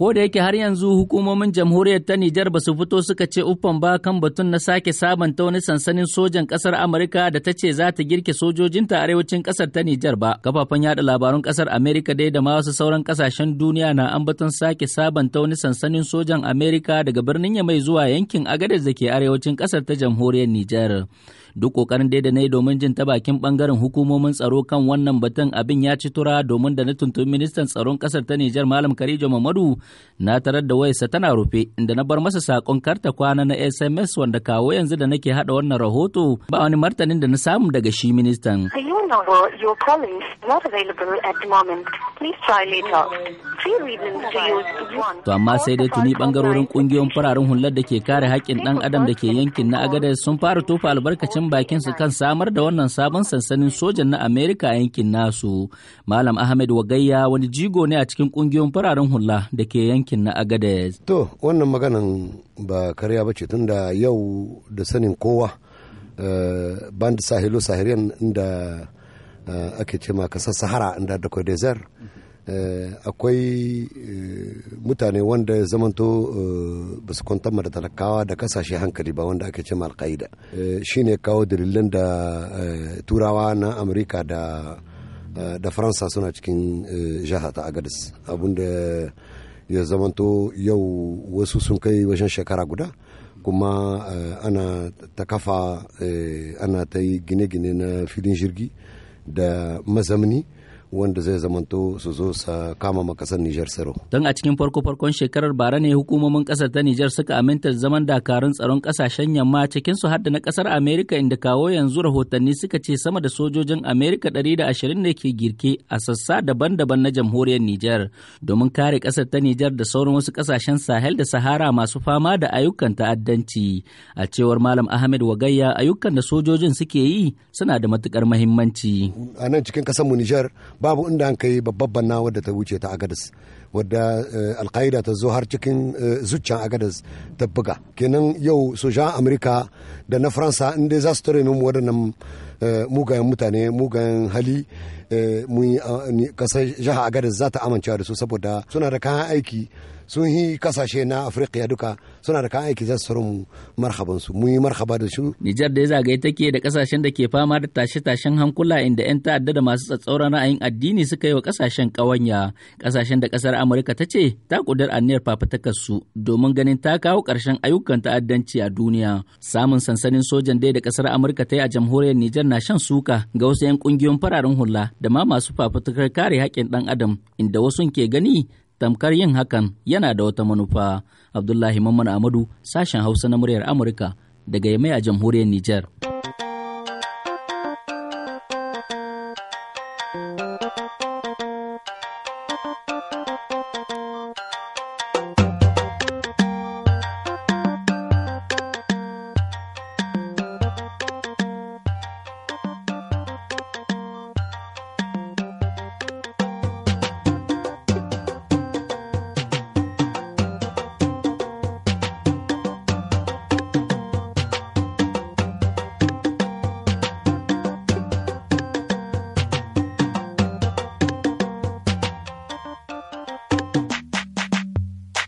ko da yake har yanzu hukumomin jamhuriyar ta Nijar ba su fito suka ce uffan ba kan batun na sake sabanta wani sansanin sojan kasar Amurka da ta ce za ta girke sojojinta arewacin kasar ta Nijar ba. Kafafen yada labarun kasar Amerika dai da ma wasu sauran kasashen duniya na ambaton sake sabanta wani sansanin sojan Amerika daga birnin Yamai zuwa yankin Agadez da ke arewacin kasar ta jamhuriyar Nijar. Duk kokarin dai da na yi domin jin ta bakin bangaren hukumomin tsaro kan wannan batun abin ya ci tura domin da na tuntubi ministan tsaron kasar ta Nijar Malam Karijo Mamadu na tarar da wayarsa tana rufe inda na bar masa sakon karta kwana na SMS wanda kawo yanzu da nake hada wannan rahoto ba wani martanin da na samu daga shi ministan. To amma sai dai tuni bangarorin kungiyoyin fararen hular da ke kare haƙƙin ɗan adam da ke yankin na agada sun fara tofa albarkacin bakin su kan samar da wannan sabon sansanin sojan na Amerika yankin nasu. Malam Ahmed Wagayya wani jigo ne a cikin kungiyoyin fararen hula da ke ke yankin na agadez to wannan maganan ba karya ba ce tunda yau da sanin kowa uh, band sahilo sahariyan inda eh, ake ce ma kasar sahara inda da kwa dezer eh, akwai mutane wanda ya zamanto ba su da talakawa da kasashe hankali ba wanda ake ce ma alkaida shine kawo dalilan da turawa na amurka da da faransa suna cikin jihar ta agadis abinda ya zamanto yau wasu sun kai wajen shekara guda kuma eh, ana ta kafa eh, ana ta yi gine-gine na filin jirgi da mazamni wanda zai zamanto su zo sa kama kasar Nijar tsaro. Don a cikin farko farkon shekarar bara ne hukumomin kasar ta Nijar suka aminta zaman dakarun tsaron kasashen yamma cikin su har da na kasar Amerika inda kawo yanzu rahotanni suka ce sama da sojojin Amerika 120 ne ke girke a sassa daban-daban na jamhuriyar Nijar domin kare kasar ta Nijar da sauran wasu kasashen Sahel da Sahara masu fama da ayyukan ta'addanci. A cewar Malam Ahmed Wagayya ayyukan da sojojin suke yi suna da matukar mahimmanci. A nan cikin kasar mu Nijar babu inda an kai babbar banna wadda ta wuce ta agadis. wadda eh, alkaida ta zo har cikin eh, zuccan agadas ta buga kenan yau sojan amurka da na faransa inda za su tare mu waɗannan eh, mugayen mutane mugayen hali kasar ah, jihar agadas za ta amincewa da su saboda suna da kayan aiki sun yi kasashe na afirka duka suna da kayan aiki za su mu marhaban su mu yi marhaba da su nijar da ya zagaye take da kasashen da ke fama da tashe-tashen hankula inda 'yan ta'adda da masu tsatsauran ra'ayin addini suka yi wa kasashen kawanya kasashen da kasar Amurka ta ce ta ƙudar aniyar su domin ganin ta kawo ƙarshen ayyukan ta'addanci a duniya. Samun sansanin sojan dai da ƙasar Amurka ta yi a jamhuriyar Nijar na shan suka ga wasu 'yan ƙungiyoyin fararen hula da ma masu fafatakar kare haƙƙin ɗan adam inda wasu ke gani tamkar yin hakan yana da wata manufa. Abdullahi Mamman Amadu sashen Hausa na muryar Amurka daga Yamai a jamhuriyar Nijar. thank you